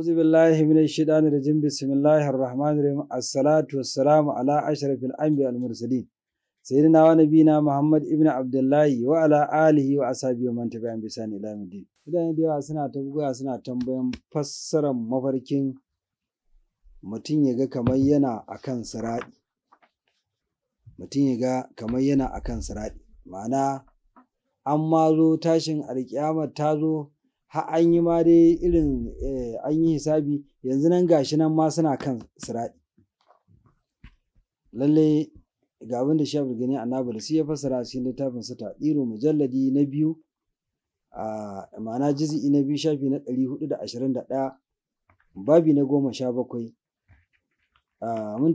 أعوذ بالله من الشيطان الرجيم بسم الله الرحمن الرحيم الصلاة والسلام على أشرف الأنبياء المرسلين سيدنا ونبينا محمد ابن عبد الله وعلى آله وأصحابه ومن تبعهم بإحسان إلى يوم الدين إذا نبي أسنا suna أسنا تنبهم فسر مفركين متين يجا mutum ya ga kamar yana akan siraɗi mutum ya ga kamar yana akan siraɗi ma'ana an ma har an yi ma dai irin eh, an yi hisabi yanzu nan gashi nan ma suna kan siraɗi lalle ga abin da shafi gani nabar sai ya fassara shi ne littafin sa tadiru mujalladi na biyu a ma'ana jizi'i na biyu shafi na ɗari hudu da ashirin da ɗaya babi na goma sha bakwai mun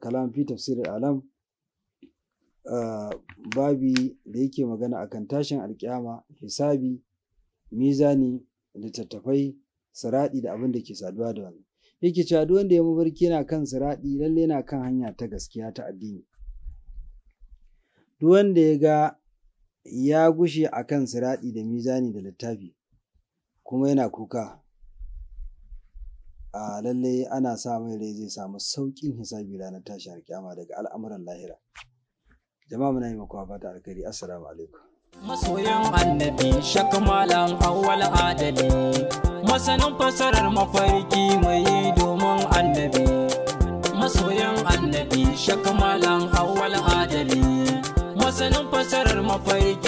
kalam fi tafsir alam babi da yake magana akan tashin alkiyama hisabi mizani littattafai siraɗi da abin da ke saduwa da wannan yake cewa duk wanda ya mabarki yana kan siraɗi lalle yana kan hanya ta gaskiya ta addini duk wanda ya ga ya gushe a kan siraɗi da mizani da littafi kuma yana kuka a lalle ana sa mai rai zai samu sauƙin hisabi ranar tashi kyama daga al'amuran lahira jama'a muna yi ba fata alkhairi assalamu alaikum Masoyan annabi malan awwal adali masanin fasarar mafarki mai domin annabi masoyan annabi malan awwal adali masanin fasarar mafarki